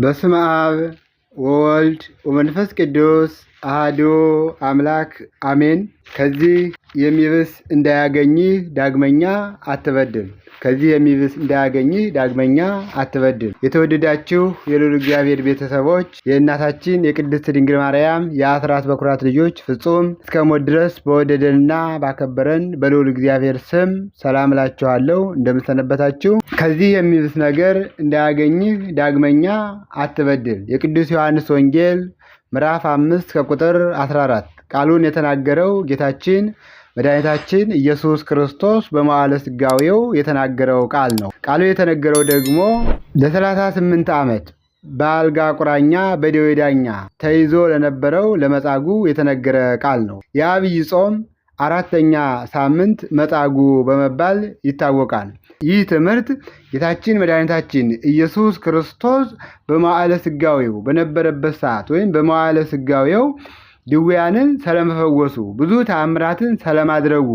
በስመ አብ ወወልድ ወመንፈስ ቅዱስ አሐዱ አምላክ አሜን። ከዚህ የሚብስ እንዳያገኝህ ዳግመኛ አትበድል። ከዚህ የሚብስ እንዳያገኝህ ዳግመኛ አትበድል። የተወደዳችሁ የልዑል እግዚአብሔር ቤተሰቦች የእናታችን የቅድስት ድንግል ማርያም የአስራት በኩራት ልጆች ፍጹም እስከ ሞት ድረስ በወደደንና ባከበረን በልዑል እግዚአብሔር ስም ሰላም እላችኋለሁ። እንደምሰነበታችሁ። ከዚህ የሚብስ ነገር እንዳያገኝህ ዳግመኛ አትበድል። የቅዱስ ዮሐንስ ወንጌል ምዕራፍ አምስት ከቁጥር 14 ቃሉን የተናገረው ጌታችን መድኃኒታችን ኢየሱስ ክርስቶስ በመዋዕለ ሥጋዌው የተናገረው ቃል ነው። ቃሉ የተነገረው ደግሞ ለሰላሳ ስምንት ዓመት በአልጋ ቁራኛ በደዌ ዳኛ ተይዞ ለነበረው ለመጻጉዕ የተነገረ ቃል ነው። የአብይ ጾም አራተኛ ሳምንት መጻጉዕ በመባል ይታወቃል። ይህ ትምህርት ጌታችን መድኃኒታችን ኢየሱስ ክርስቶስ በመዋዕለ ሥጋዌው በነበረበት ሰዓት ወይም በመዋዕለ ሥጋዌው ድውያንን ስለመፈወሱ ብዙ ተአምራትን ስለማድረጉ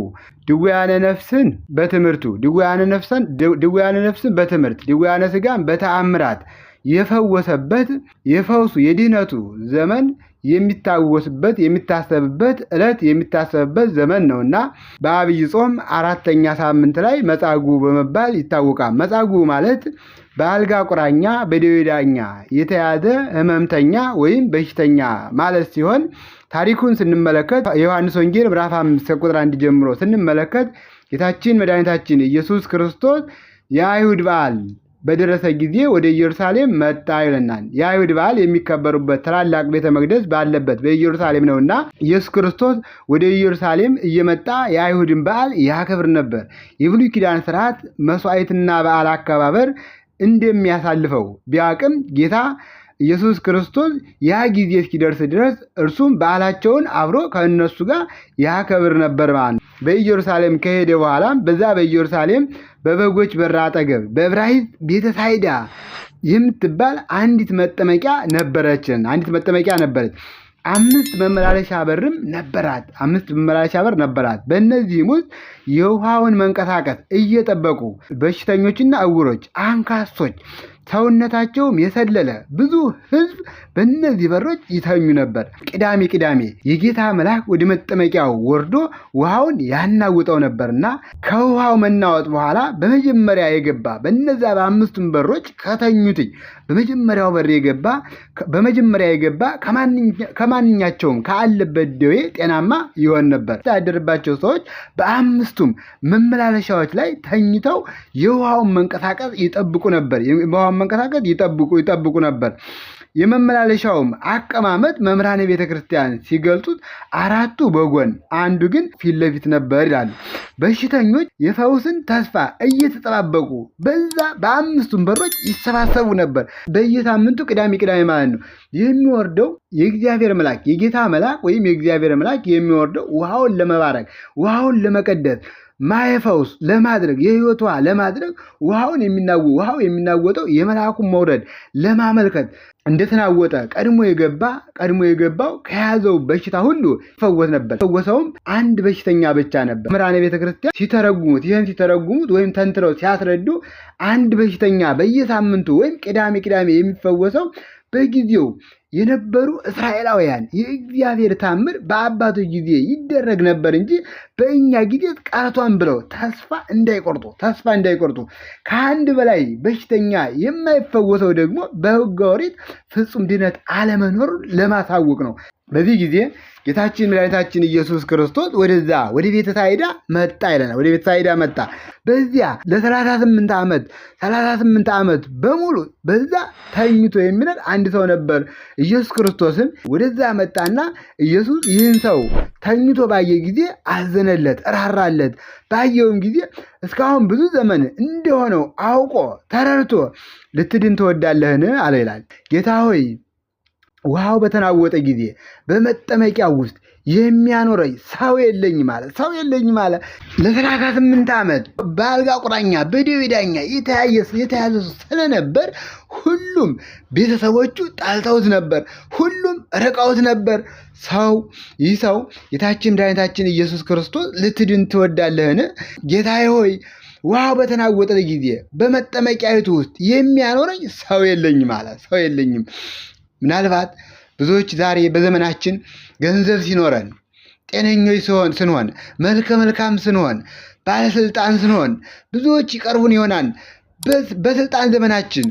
ድውያነ ነፍስን በትምህርቱ ድውያነ ነፍስን በትምህርት ድውያነ ሥጋን በተአምራት የፈወሰበት የፈውሱ የድህነቱ ዘመን የሚታወስበት የሚታሰብበት ዕለት የሚታሰብበት ዘመን እና በአብይ ጾም አራተኛ ሳምንት ላይ መጻጉዕ በመባል ይታወቃል። መጻጉዕ ማለት በአልጋ ቁራኛ በደዌ ዳኛ የተያዘ ህመምተኛ ወይም በሽተኛ ማለት ሲሆን ታሪኩን ስንመለከት የዮሐንስ ወንጌል ምዕራፍ አምስት ከቁጥር አንድ ጀምሮ ስንመለከት ጌታችን መድኃኒታችን ኢየሱስ ክርስቶስ የአይሁድ በዓል በደረሰ ጊዜ ወደ ኢየሩሳሌም መጣ ይለናል። የአይሁድ በዓል የሚከበሩበት ታላላቅ ቤተ መቅደስ ባለበት በኢየሩሳሌም ነውና ኢየሱስ ክርስቶስ ወደ ኢየሩሳሌም እየመጣ የአይሁድን በዓል ያከብር ነበር። የብሉይ ኪዳን ስርዓት መስዋዕትና በዓል አከባበር እንደሚያሳልፈው ቢያቅም ጌታ ኢየሱስ ክርስቶስ ያ ጊዜ እስኪደርስ ድረስ እርሱም በዓላቸውን አብሮ ከእነሱ ጋር ያከብር ነበር ማለት ነው። በኢየሩሳሌም ከሄደ በኋላም በዛ በኢየሩሳሌም በበጎች በር አጠገብ በዕብራይስጥ ቤተ ሳይዳ የምትባል አንዲት መጠመቂያ ነበረችን። አንዲት መጠመቂያ ነበረች። አምስት መመላለሻ በርም ነበራት። አምስት መመላለሻ በር ነበራት። በእነዚህም ውስጥ የውሃውን መንቀሳቀስ እየጠበቁ በሽተኞችና እውሮች፣ አንካሶች ሰውነታቸውም የሰለለ ብዙ ህዝብ በእነዚህ በሮች ይተኙ ነበር። ቅዳሜ ቅዳሜ የጌታ መልአክ ወደ መጠመቂያው ወርዶ ውሃውን ያናውጠው ነበርና ከውሃው መናወጥ በኋላ በመጀመሪያ የገባ በእነዚያ በአምስቱም በሮች ከተኙትኝ በመጀመሪያው በር የገባ በመጀመሪያ የገባ ከማንኛቸውም ከአለበት ደዌ ጤናማ ይሆን ነበር። ያደርባቸው ሰዎች በአምስቱም መመላለሻዎች ላይ ተኝተው የውሃውን መንቀሳቀስ ይጠብቁ ነበር። መንቀሳቀስ ይጠብቁ ይጠብቁ ነበር። የመመላለሻውም አቀማመጥ መምህራን ቤተክርስቲያን ክርስቲያን ሲገልጹት አራቱ በጎን አንዱ ግን ፊት ለፊት ነበር ይላሉ። በሽተኞች የፈውስን ተስፋ እየተጠባበቁ በዛ በአምስቱን በሮች ይሰባሰቡ ነበር። በየሳምንቱ ቅዳሜ ቅዳሜ ማለት ነው። የሚወርደው የእግዚአብሔር መልአክ የጌታ መልአክ ወይም የእግዚአብሔር መልአክ የሚወርደው ውሃውን ለመባረክ ውሃውን ለመቀደስ ማየፈውስ ለማድረግ የህይወቷ ለማድረግ ውሃውን የሚናወ ውሃው የሚናወጠው የመልአኩን መውረድ ለማመልከት እንደተናወጠ ቀድሞ የገባ ቀድሞ የገባው ከያዘው በሽታ ሁሉ ይፈወስ ነበር። ፈወሰውም አንድ በሽተኛ ብቻ ነበር። መምህራነ ቤተ ክርስቲያን ሲተረጉሙት ይህን ሲተረጉሙት ወይም ተንትረው ሲያስረዱ አንድ በሽተኛ በየሳምንቱ ወይም ቅዳሜ ቅዳሜ የሚፈወሰው በጊዜው የነበሩ እስራኤላውያን የእግዚአብሔር ታምር በአባቱ ጊዜ ይደረግ ነበር እንጂ በእኛ ጊዜ ቃቷን ብለው ተስፋ እንዳይቆርጡ ተስፋ እንዳይቆርጡ ከአንድ በላይ በሽተኛ የማይፈወሰው ደግሞ በሕገ ኦሪት ፍጹም ድነት አለመኖር ለማሳወቅ ነው። በዚህ ጊዜ ጌታችን መድኃኒታችን ኢየሱስ ክርስቶስ ወደዛ ወደ ቤተ ሳይዳ መጣ ይለናል። ወደ ቤተ ሳይዳ መጣ። በዚያ ለ38 ዓመት 38 ዓመት በሙሉ በዛ ተኝቶ የሚለን አንድ ሰው ነበር። ኢየሱስ ክርስቶስም ወደዛ መጣና ኢየሱስ ይህን ሰው ተኝቶ ባየ ጊዜ አዘነለት፣ ራራለት። ባየውም ጊዜ እስካሁን ብዙ ዘመን እንደሆነው አውቆ ተረድቶ ልትድን ትወዳለህን? አለ ይላል። ጌታ ሆይ ውሃው በተናወጠ ጊዜ በመጠመቂያ ውስጥ የሚያኖረኝ ሰው የለኝ አለ። ሰው የለኝ ማለ ለሰላሳ ስምንት ዓመት በአልጋ ቁራኛ በደዌ ዳኛ የተያዘ ስለነበር ሁሉም ቤተሰቦቹ ጣልተውት ነበር። ሁሉም ርቀውት ነበር። ሰው ይህ ሰው ጌታችን መድኃኒታችን ኢየሱስ ክርስቶስ ልትድን ትወዳለህን? ጌታዬ ሆይ ውሃው በተናወጠ ጊዜ በመጠመቂያዊቱ ውስጥ የሚያኖረኝ ሰው የለኝም አለ። ሰው የለኝም ምናልባት ብዙዎች ዛሬ በዘመናችን ገንዘብ ሲኖረን፣ ጤነኞች ስንሆን፣ መልከ መልካም ስንሆን፣ ባለስልጣን ስንሆን ብዙዎች ይቀርቡን ይሆናል። በስልጣን ዘመናችን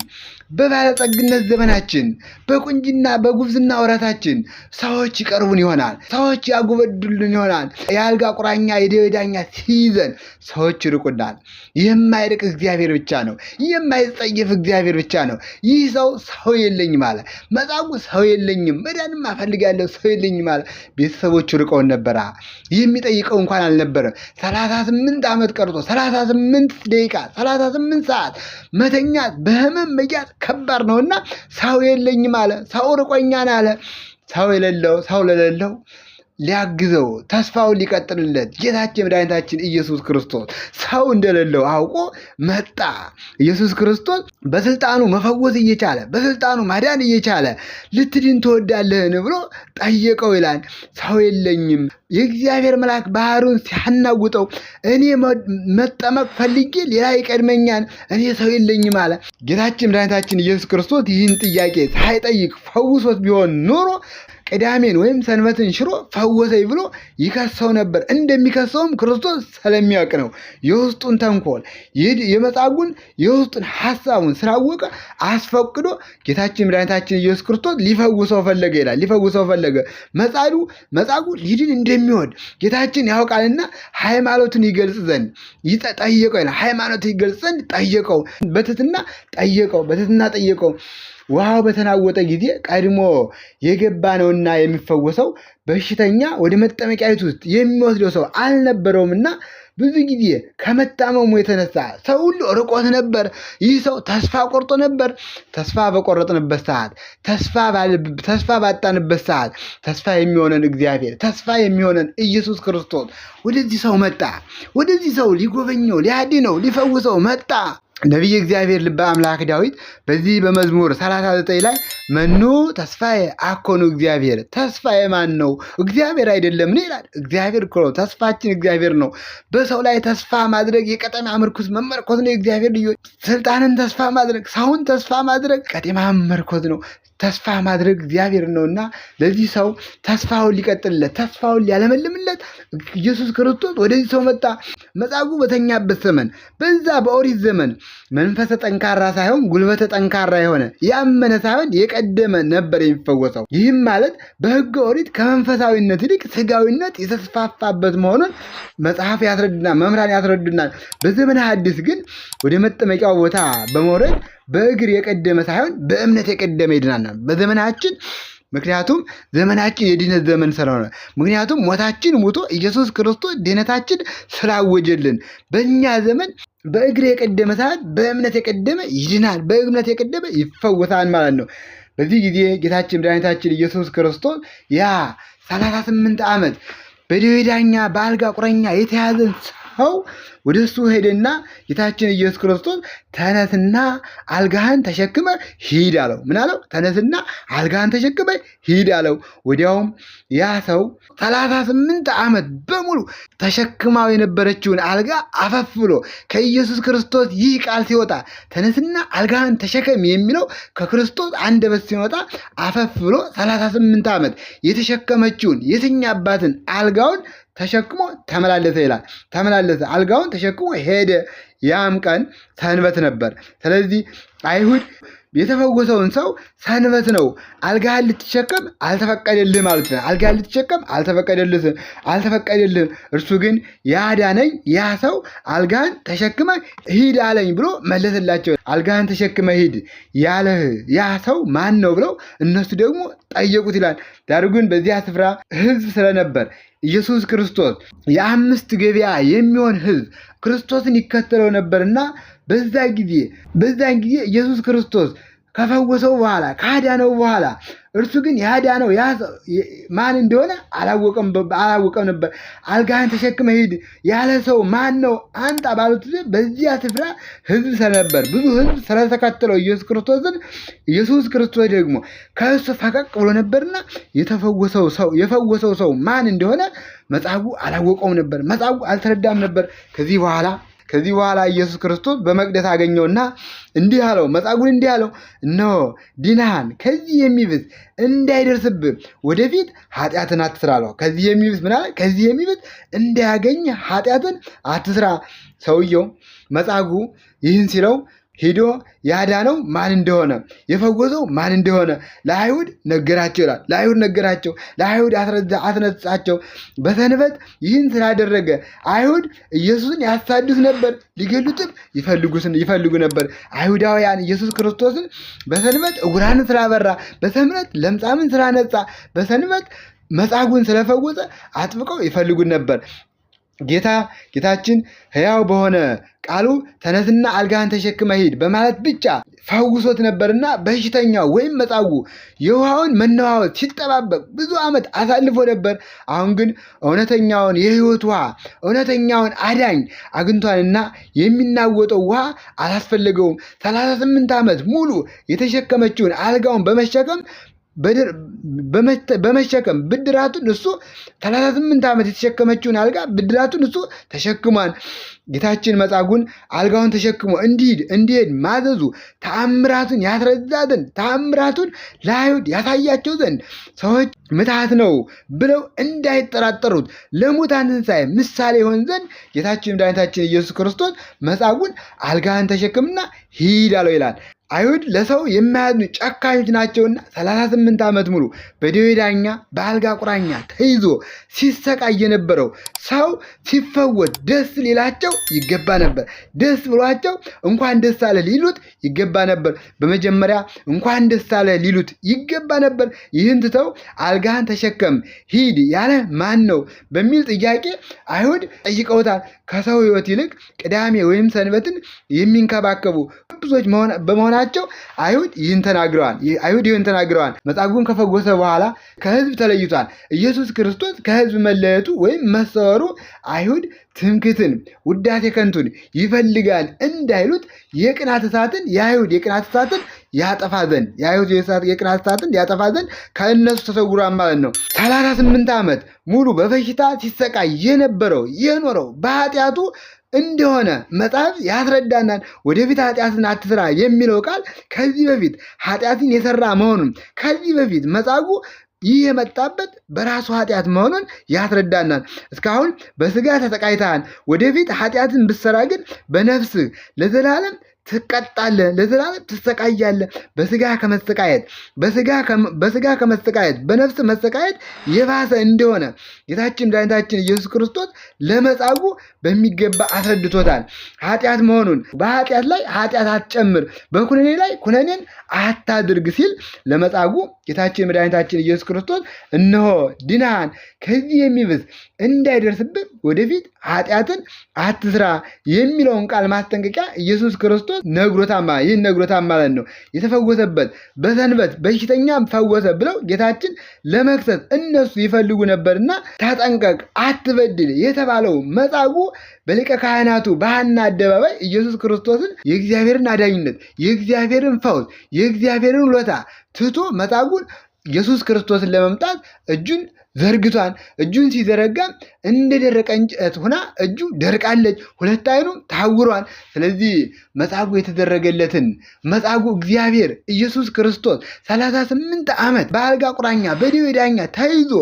በባለጠግነት ዘመናችን በቁንጅና በጉብዝና ወራታችን ሰዎች ይቀርቡን ይሆናል። ሰዎች ያጎበድሉን ይሆናል። የአልጋ ቁራኛ የደዌ ዳኛ ሲይዘን ሰዎች ይርቁናል። የማይርቅ እግዚአብሔር ብቻ ነው። የማይጸየፍ እግዚአብሔር ብቻ ነው። ይህ ሰው ሰው የለኝም አለ። መጻጉ ሰው የለኝም መዳንም አፈልጋለሁ ሰው የለኝም አለ። ቤተሰቦች ርቀውን ነበረ። የሚጠይቀው እንኳን አልነበረም። ሰላሳ ስምንት ዓመት ቀርቶ ሰላሳ ስምንት ደቂቃ ሰላሳ ስምንት ሰዓት መተኛት በህመም መያዝ ከባድ ነውና ሰው የለኝም አለ። ሰው ርቆኛን አለ። ሰው የሌለው ሰው ለሌለው ሊያግዘው ተስፋውን ሊቀጥልለት ጌታችን መድኃኒታችን ኢየሱስ ክርስቶስ ሰው እንደሌለው አውቆ መጣ። ኢየሱስ ክርስቶስ በስልጣኑ መፈወስ እየቻለ በስልጣኑ ማዳን እየቻለ ልትድን ትወዳለህን ብሎ ጠየቀው ይላል። ሰው የለኝም። የእግዚአብሔር መልአክ ባህሩን ሲያናውጠው እኔ መጠመቅ ፈልጌ ሌላ ይቀድመኛል፣ እኔ ሰው የለኝም አለ። ጌታችን መድኃኒታችን ኢየሱስ ክርስቶስ ይህን ጥያቄ ሳይጠይቅ ፈውሶት ቢሆን ኖሮ ቅዳሜን ወይም ሰንበትን ሽሮ ፈወሰኝ ብሎ ይከሰው ነበር። እንደሚከሰውም ክርስቶስ ስለሚያውቅ ነው። የውስጡን ተንኮል የመጻጉን የውስጡን ሀሳቡን ስላወቀ አስፈቅዶ ጌታችን መድኃኒታችን ኢየሱስ ክርስቶስ ሊፈውሰው ፈለገ ይላል። ሊፈውሰው ፈለገ። መጻዱ መጻጉ ሊድን እንደሚወድ ጌታችን ያውቃልና ሃይማኖትን ይገልጽ ዘንድ ይጠየቀው ይላል። ሃይማኖትን ይገልጽ ዘንድ ጠየቀው፣ በትትና ጠየቀው፣ በትትና ጠየቀው። ውሃው በተናወጠ ጊዜ ቀድሞ የገባ ነውና የሚፈወሰው በሽተኛ ወደ መጠመቂያዊት ውስጥ የሚወስደው ሰው አልነበረውምና ብዙ ጊዜ ከመታመሙ የተነሳ ሰው ሁሉ ርቆት ነበር። ይህ ሰው ተስፋ ቆርጦ ነበር። ተስፋ በቆረጥንበት ሰዓት፣ ተስፋ ባጣንበት ሰዓት ተስፋ የሚሆነን እግዚአብሔር፣ ተስፋ የሚሆነን ኢየሱስ ክርስቶስ ወደዚህ ሰው መጣ። ወደዚህ ሰው ሊጎበኘው፣ ሊያድነው፣ ሊፈውሰው መጣ። ነቢይ እግዚአብሔር ልበ አምላክ ዳዊት በዚህ በመዝሙር 39 ላይ መኑ ተስፋዬ አኮኑ እግዚአብሔር፣ ተስፋዬ ማን ነው? እግዚአብሔር አይደለም አይደለምን? ይላል። እግዚአብሔር እኮ ነው ተስፋችን፣ እግዚአብሔር ነው። በሰው ላይ ተስፋ ማድረግ የቀጠማ ምርኩዝ መመርኮዝ ነው። የእግዚአብሔር ልጆች ስልጣንን ተስፋ ማድረግ፣ ሰውን ተስፋ ማድረግ ቀጤማ መመርኮዝ ነው። ተስፋ ማድረግ እግዚአብሔር ነው እና ለዚህ ሰው ተስፋውን ሊቀጥልለት፣ ተስፋውን ሊያለመልምለት ኢየሱስ ክርስቶስ ወደዚህ ሰው መጣ። መጻጉዕ በተኛበት ዘመን በዛ በኦሪት ዘመን መንፈሰ ጠንካራ ሳይሆን ጉልበተ ጠንካራ የሆነ ያመነ ሳይሆን የቀደመ ነበር የሚፈወሰው። ይህም ማለት በሕገ ኦሪት ከመንፈሳዊነት ይልቅ ስጋዊነት የተስፋፋበት መሆኑን መጽሐፍ ያስረዱናል፣ መምህራን ያስረዱናል። በዘመነ ሐዲስ ግን ወደ መጠመቂያው ቦታ በመውረድ በእግር የቀደመ ሳይሆን በእምነት የቀደመ ይድናናል። በዘመናችን ምክንያቱም ዘመናችን የድህነት ዘመን ስለሆነ፣ ምክንያቱም ሞታችን ሙቶ ኢየሱስ ክርስቶስ ድህነታችን ስላወጀልን በእኛ ዘመን በእግር የቀደመ ሰዓት በእምነት የቀደመ ይድናል፣ በእምነት የቀደመ ይፈወሳል ማለት ነው። በዚህ ጊዜ ጌታችን መድኃኒታችን ኢየሱስ ክርስቶስ ያ ሰላሳ ስምንት ዓመት በደዌ ዳኛ በአልጋ ቁረኛ የተያዘን ሰው ወደ እሱ ሄደና ጌታችን ኢየሱስ ክርስቶስ ተነስና አልጋህን ተሸክመ ሂድ አለው። ምን አለው? ተነስና አልጋህን ተሸክመ ሂድ አለው። ወዲያውም ያ ሰው ሰላሳ ስምንት ዓመት በሙሉ ተሸክማው የነበረችውን አልጋ አፈፍሎ ከኢየሱስ ክርስቶስ ይህ ቃል ሲወጣ ተነስና አልጋህን ተሸከም የሚለው ከክርስቶስ አንደበት ሲወጣ አፈፍሎ ብሎ ሰላሳ ስምንት ዓመት የተሸከመችውን የትኛ አባትን አልጋውን ተሸክሞ ተመላለሰ ይላል። ተመላለሰ አልጋውን ተሸክሞ ሄደ። ያም ቀን ሰንበት ነበር። ስለዚህ አይሁድ የተፈወሰውን ሰው ሰንበት ነው አልጋህን ልትሸከም አልተፈቀደልህም ነው። አልጋህን ልትሸከም አልተፈቀደልህ። እርሱ ግን ያዳነኝ ያ ሰው አልጋህን ተሸክመ ሂድ አለኝ ብሎ መለሰላቸው። አልጋህን ተሸክመ ሂድ ያለህ ያ ሰው ማን ነው ብለው እነሱ ደግሞ ጠየቁት ይላል። ዳሩ ግን በዚያ ስፍራ ህዝብ ስለነበር ኢየሱስ ክርስቶስ የአምስት ገበያ የሚሆን ህዝብ ክርስቶስን ይከተለው ነበርና በዛ ጊዜ በዛን ጊዜ ኢየሱስ ክርስቶስ ከፈወሰው በኋላ ካዳነው በኋላ እርሱ ግን ያዳነው ማን እንደሆነ አላወቀም ነበር። አልጋህን ተሸክመ ሂድ ያለ ሰው ማን ነው አንጣ ባሉት ጊዜ በዚያ ስፍራ ህዝብ ስለነበር ብዙ ህዝብ ስለተከተለው ኢየሱስ ክርስቶስን ኢየሱስ ክርስቶስ ደግሞ ከእሱ ፈቀቅ ብሎ ነበርና የተፈወሰው ሰው የፈወሰው ሰው ማን እንደሆነ መጻጉዕ አላወቀውም ነበር። መጻጉዕ አልተረዳም ነበር። ከዚህ በኋላ ከዚህ በኋላ ኢየሱስ ክርስቶስ በመቅደስ አገኘውና እንዲህ አለው፣ መጻጉን እንዲህ አለው፣ እነሆ ዲናህን ከዚህ የሚብስ እንዳይደርስብህ ወደፊት ኃጢአትን አትስራ አለው። ከዚህ የሚብስ ምን አለ? ከዚህ የሚብስ እንዳያገኝ ኃጢአትን አትስራ። ሰውየው መጻጉ ይህን ሲለው ሄዶ ያዳነው ማን እንደሆነ የፈወሰው ማን እንደሆነ ለአይሁድ ነገራቸው ይላል። ለአይሁድ ነገራቸው፣ ለአይሁድ አስነጻቸው። በሰንበት ይህን ስላደረገ አይሁድ ኢየሱስን ያሳዱት ነበር፣ ሊገሉትም ይፈልጉ ነበር። አይሁዳውያን ኢየሱስ ክርስቶስን በሰንበት እጉራን ስላበራ፣ በሰንበት ለምጻምን ስላነጻ፣ በሰንበት መጻጉን ስለፈወሰ አጥብቀው ይፈልጉን ነበር። ጌታ ጌታችን ሕያው በሆነ ቃሉ ተነስና አልጋህን ተሸክመ ሂድ በማለት ብቻ ፈውሶት ነበርና በሽተኛው ወይም መጻጉ የውሃውን መነዋወጥ ሲጠባበቅ ብዙ ዓመት አሳልፎ ነበር። አሁን ግን እውነተኛውን የህይወት ውሃ እውነተኛውን አዳኝ አግኝቷልና የሚናወጠው ውሃ አላስፈለገውም። 38 ዓመት ሙሉ የተሸከመችውን አልጋውን በመሸከም በመሸከም ብድራቱን እሱ ሰላሳ ስምንት ዓመት የተሸከመችውን አልጋ ብድራቱን እሱ ተሸክሟል። ጌታችን መጻጉዕን አልጋውን ተሸክሞ እንዲሄድ እንዲሄድ ማዘዙ ተአምራቱን ያስረዳ ዘንድ ተአምራቱን ለአይሁድ ያሳያቸው ዘንድ ሰዎች ምትሃት ነው ብለው እንዳይጠራጠሩት ለሙታን ትንሣኤ ምሳሌ ይሆን ዘንድ ጌታችን መድኃኒታችን ኢየሱስ ክርስቶስ መጻጉዕን አልጋህን ተሸክምና ሂድ አለው ይላል። አይሁድ ለሰው የማያድኑ ጨካኞች ናቸውና 38 ዓመት ሙሉ በደዌ ዳኛ በአልጋ ቁራኛ ተይዞ ሲሰቃይ የነበረው ሰው ሲፈወስ ደስ ሊላቸው ይገባ ነበር። ደስ ብሏቸው እንኳን ደስ አለ ሊሉት ይገባ ነበር። በመጀመሪያ እንኳን ደስ አለ ሊሉት ይገባ ነበር። ይህን ትተው አልጋህን ተሸከም ሂድ ያለ ማን ነው በሚል ጥያቄ አይሁድ ጠይቀውታል። ከሰው ሕይወት ይልቅ ቅዳሜ ወይም ሰንበትን የሚንከባከቡ ብዙዎች በመሆና ናቸው። አይሁድ ይህን ተናግረዋል። አይሁድ ይህን ተናግረዋል። መጻጉዕም ከፈወሰ በኋላ ከህዝብ ተለይቷል። ኢየሱስ ክርስቶስ ከህዝብ መለየቱ ወይም መሰወሩ አይሁድ ትምክትን፣ ውዳሴ ከንቱን ይፈልጋል እንዳይሉት የቅናት እሳትን የአይሁድ የቅናት እሳትን ያጠፋ ዘንድ የአይሁድ የቅናት እሳትን ያጠፋ ዘንድ ከእነሱ ተሰውሯል ማለት ነው። ሰላሳ ስምንት ዓመት ሙሉ በበሽታ ሲሰቃይ የነበረው የኖረው በኃጢአቱ እንደሆነ መጽሐፍ ያስረዳናል። ወደፊት ኃጢአትን አትስራ የሚለው ቃል ከዚህ በፊት ኃጢአትን የሰራ መሆኑን ከዚህ በፊት መጻጉ ይህ የመጣበት በራሱ ኃጢአት መሆኑን ያስረዳናል። እስካሁን በስጋ ተሰቃይተሃል፣ ወደፊት ኃጢአትን ብትሰራ ግን በነፍስህ ለዘላለም ትቀጣለህ፣ ለዘላለም ትሰቃያለህ። በስጋ ከመሰቃየት በስጋ ከመሰቃየት በነፍስ መሰቃየት የባሰ እንደሆነ ጌታችን መድኃኒታችን ኢየሱስ ክርስቶስ ለመጻጉ በሚገባ አስረድቶታል። ኃጢአት መሆኑን በኃጢአት ላይ ኃጢአት አትጨምር፣ በኩነኔ ላይ ኩነኔን አታድርግ ሲል ለመጻጉ ጌታችን መድኃኒታችን ኢየሱስ ክርስቶስ እነሆ ድናን ከዚህ የሚብስ እንዳይደርስብህ ወደፊት ኃጢአትን አትስራ የሚለውን ቃል ማስጠንቀቂያ ኢየሱስ ክርስቶስ ነግሮታማ ይህን ነግሮታም ማለት ነው። የተፈወሰበት በሰንበት በሽተኛ ፈወሰ ብለው ጌታችን ለመክሰስ እነሱ ይፈልጉ ነበርና ተጠንቀቅ፣ አትበድል የተባለው መጻጉዕ በሊቀ ካህናቱ በሐና አደባባይ ኢየሱስ ክርስቶስን የእግዚአብሔርን አዳኝነት፣ የእግዚአብሔርን ፈውስ፣ የእግዚአብሔርን ሎታ ትቶ መጻጉዕን ኢየሱስ ክርስቶስን ለመምጣት እጁን ዘርግቷን እጁን ሲዘረጋ እንደ ደረቀ እንጨት ሆና እጁ ደርቃለች፣ ሁለት አይኑ ታውሯል። ስለዚህ መጻጉ የተደረገለትን መጻጉ እግዚአብሔር ኢየሱስ ክርስቶስ 38 ስምንት ዓመት በአልጋ ቁራኛ በደዌ ዳኛ ተይዞ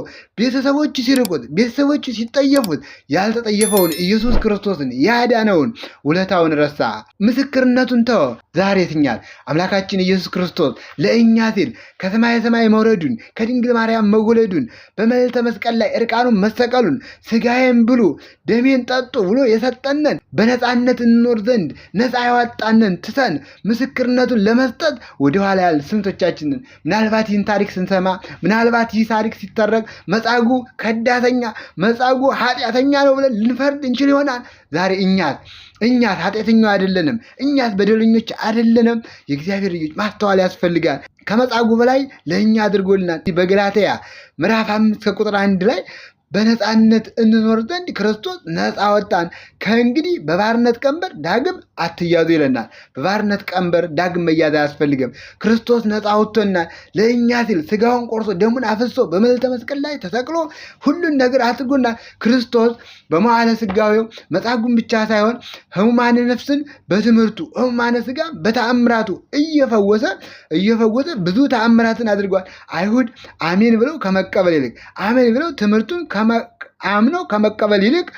ቤተሰቦች ሲርቁት፣ ቤተሰቦች ሲጠየፉት ያልተጠየፈውን ኢየሱስ ክርስቶስን ያዳነውን ውለታውን ረሳ፣ ምስክርነቱን ተወ። ዛሬ ትኛል አምላካችን ኢየሱስ ክርስቶስ ለእኛ ሲል ከሰማየ ሰማይ መውረዱን ከድንግል ማርያም መወለዱን በመልዕልተ መስቀል ላይ እርቃኑን መሰቀሉን ስጋዬን ብሉ ደሜን ጠጡ ብሎ የሰጠነን በነፃነት እንኖር ዘንድ ነፃ ያወጣነን ትተን ምስክርነቱን ለመስጠት ወደኋላ ያል ስንቶቻችንን ምናልባት ይህን ታሪክ ስንሰማ ምናልባት ይህ ታሪክ ሲተረክ መጻጉ ከዳተኛ መጻጉ ኃጢአተኛ ነው ብለን ልንፈርድ እንችል ይሆናል። ዛሬ እኛት እኛት ኃጢአተኛው አይደለንም። እኛት በደለኞች አይደለንም። የእግዚአብሔር ልጆች ማስተዋል ያስፈልጋል። ከመጻጉ በላይ ለእኛ አድርጎልናል። በገላትያ ምዕራፍ አምስት ከቁጥር አንድ ላይ በነፃነት እንኖር ዘንድ ክርስቶስ ነፃ ወጣን። ከእንግዲህ በባርነት ቀንበር ዳግም አትያዙ ይለናል። በባርነት ቀንበር ዳግም መያዝ አያስፈልግም። ክርስቶስ ነፃ ወጥቶና ለእኛ ሲል ስጋውን ቆርሶ ደሙን አፍሶ በመልዕልተ መስቀል ላይ ተሰቅሎ ሁሉን ነገር አድርጎናል። ክርስቶስ በመዋዕለ ስጋዌው መጻጉዕን ብቻ ሳይሆን ሕሙማነ ነፍስን በትምህርቱ ሕሙማነ ስጋ በተአምራቱ እየፈወሰ እየፈወሰ ብዙ ተአምራትን አድርጓል። አይሁድ አሜን ብለው ከመቀበል ይልቅ አሜን ብለው ትምህርቱን አምነው ከመቀበል ይልቅ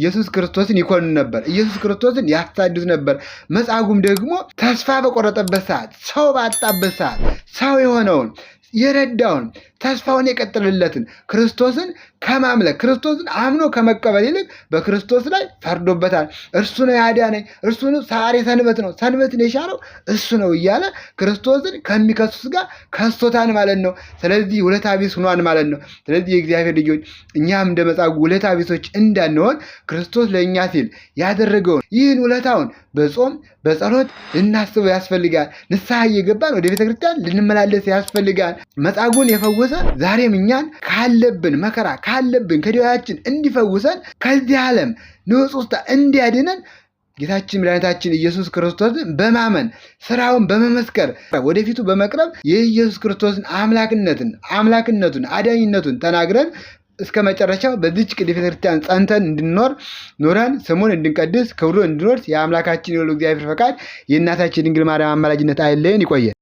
ኢየሱስ ክርስቶስን ይኮኑ ነበር፣ ኢየሱስ ክርስቶስን ያሳድዱ ነበር። መጻጉም ደግሞ ተስፋ በቆረጠበት ሰዓት፣ ሰው ባጣበት ሰዓት ሰው የሆነውን የረዳውን ተስፋውን የቀጠለለትን ክርስቶስን ከማምለክ ክርስቶስን አምኖ ከመቀበል ይልቅ በክርስቶስ ላይ ፈርዶበታል። እርሱ ነው ያዳነኝ፣ እርሱ ሰዓሬ ሰንበት ነው፣ ሰንበትን የሻለው እሱ ነው እያለ ክርስቶስን ከሚከሱስ ጋር ከሶታን ማለት ነው። ስለዚህ ውለታ ቢስ ሆኗን ማለት ነው። ስለዚህ የእግዚአብሔር ልጆች እኛም እንደ መጻጉዕ ውለታ ቢሶች እንዳንሆን ክርስቶስ ለእኛ ሲል ያደረገውን ይህን ውለታውን በጾም በጸሎት ልናስበው ያስፈልጋል። ንስሐ እየገባን ወደ ቤተክርስቲያን ልንመላለስ ያስፈልጋል። መጻጉዕን የፈወሰ ስለፈወሰ ዛሬም እኛን ካለብን መከራ ካለብን ከደዌያችን እንዲፈውሰን ከዚህ ዓለም ንውጽውጽታ እንዲያድነን ጌታችን መድኃኒታችን ኢየሱስ ክርስቶስን በማመን ስራውን በመመስከር ወደፊቱ በመቅረብ የኢየሱስ ክርስቶስን አምላክነትን አምላክነቱን አዳኝነቱን ተናግረን እስከ መጨረሻው በዚች ቅድስት ቤተክርስቲያን ጸንተን እንድንኖር ኖረን ስሙን እንድንቀድስ ክብሩ እንድንወርስ የአምላካችን የሆነ እግዚአብሔር ፈቃድ የእናታችን ድንግል ማርያም አማላጅነት አይለየን። ይቆየን።